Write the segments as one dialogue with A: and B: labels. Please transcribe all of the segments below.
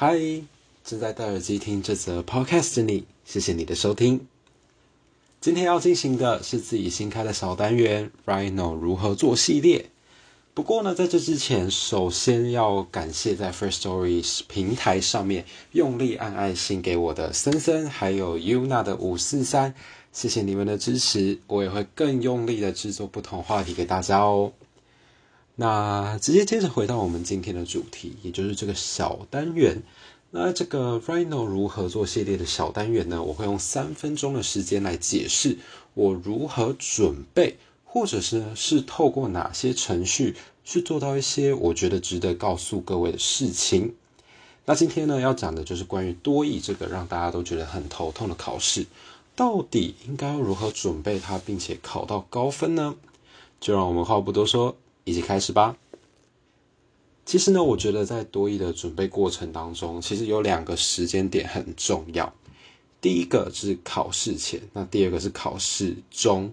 A: 嗨，Hi, 正在戴耳機聽這則 podcast 的你，謝謝你的收聽。今天要進行的是自己新開的小單元 Ryno 如何做系列。不過呢，在這之前，首先要感謝在 Firstory 平台上面用力按愛心給我的森森，還有 Yuna 的五四三，謝謝你們的支持，我也會更用力的製作不同話題給大家哦。那直接接着回到我們今天的主題，也就是這個小單元。那這個 Ryno 如何做系列的小單元呢？我會用三分鐘的時間來解釋我如何準備，或者是呢是透過哪些程序去做到一些我覺得值得告訴各位的事情。那今天呢，要講的就是關於多益這個讓大家都覺得很頭痛的考試，到底應該要如何準備它，並且考到高分呢？就讓我們話不多說。一起開始吧。其實呢，我覺得在多益的準備過程當中，其實有兩個時間點很重要。第一個是考試前，那第二個是考試中。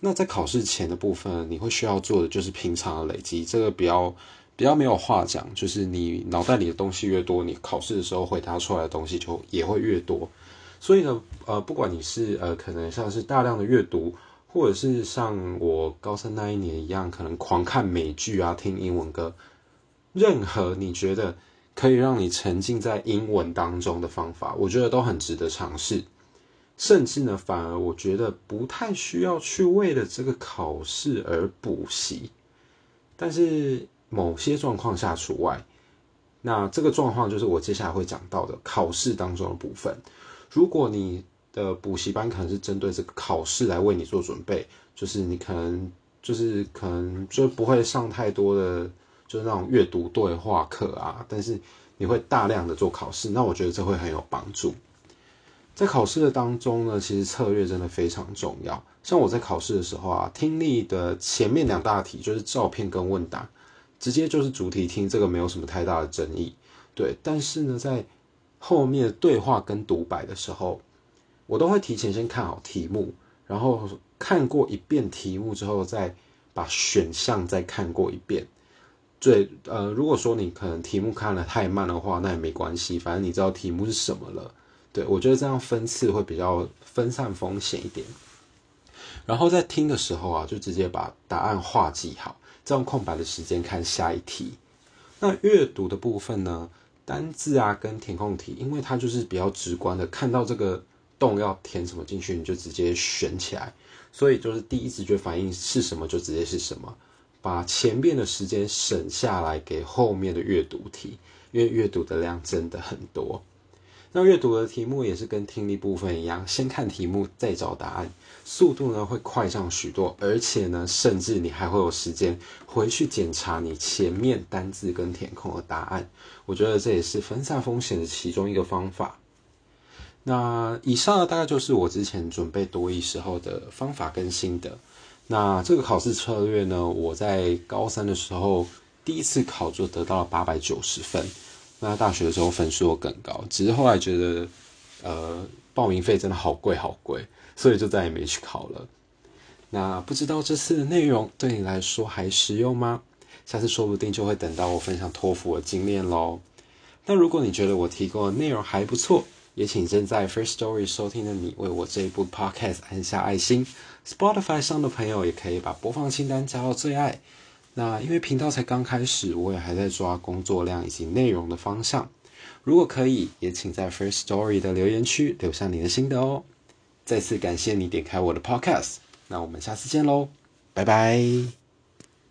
A: 那在考試前的部分呢，你會需要做的就是平常的累積，這個比較比較沒有話講，就是你腦袋裡的東西越多，你考試的時候回答出來的東西就也會越多。所以呢，呃，不管你是呃，可能像是大量的閱讀。或者是像我高三那一年一樣，可能狂看美劇啊，聽英文歌，任何你覺得可以讓你沉浸在英文當中的方法，我覺得都很值得嘗試。甚至呢，反而我覺得不太需要去為了這個考試而補習，但是某些狀況下除外。那這個狀況就是我接下來會講到的考試當中的部分。如果你的補習班可能是針對這個考試來為你做準備，就是你可能就是可能就不會上太多的，就是那種閱讀對話課啊，但是你會大量的做考試，那我覺得這會很有幫助。在考試的當中呢，其實策略真的非常重要。像我在考試的時候啊，聽力的前面兩大題就是照片跟問答，直接就是主題聽，這個沒有什麼太大的爭議，對。但是呢，在後面對話跟獨白的時候，我都會提前先看好題目，然後看過一遍題目之後，再把選項再看過一遍。對，呃，如果說你可能題目看得太慢的話，那也沒關係，反正你知道題目是什麼了。對，我覺得這樣分次會比較分散風險一點。然後在聽的時候啊，就直接把答案畫記好，這樣空白的時間看下一題。那閱讀的部分呢，單字啊跟填空題，因為它就是比較直觀的看到這個。洞要填什麼進去，你就直接選起來。所以就是第一直覺反應是什麼，就直接是什麼，把前面的時間省下來給後面的閱讀題，因為閱讀的量真的很多。那閱讀的題目也是跟聽力部分一樣，先看題目再找答案，速度呢會快上許多。而且呢，甚至你還會有時間回去檢查你前面單字跟填空的答案。我覺得這也是分散風險的其中一個方法。那以上呢，大概就是我之前準備多益時候的方法跟心得。那這個考試策略呢，我在高三的時候第一次考就得到了八百九十分，那大學的時候分數又更高。只是後來覺得，呃，報名費真的好貴好貴，所以就再也沒去考了。那不知道這次的內容對你來說還實用嗎？下次說不定就會等到我分享托福的經驗嘍。那如果你覺得我提供的內容還不錯，也請正在 First Story 收聽的你為我這一部 Podcast 按下愛心，Spotify 上的朋友也可以把播放清單加到最愛。那因為頻道才剛開始，我也還在抓工作量以及內容的方向。如果可以，也請在 First Story 的留言區留下你的心得哦。再次感謝你點開我的 Podcast，那我們下次見嘍，拜拜。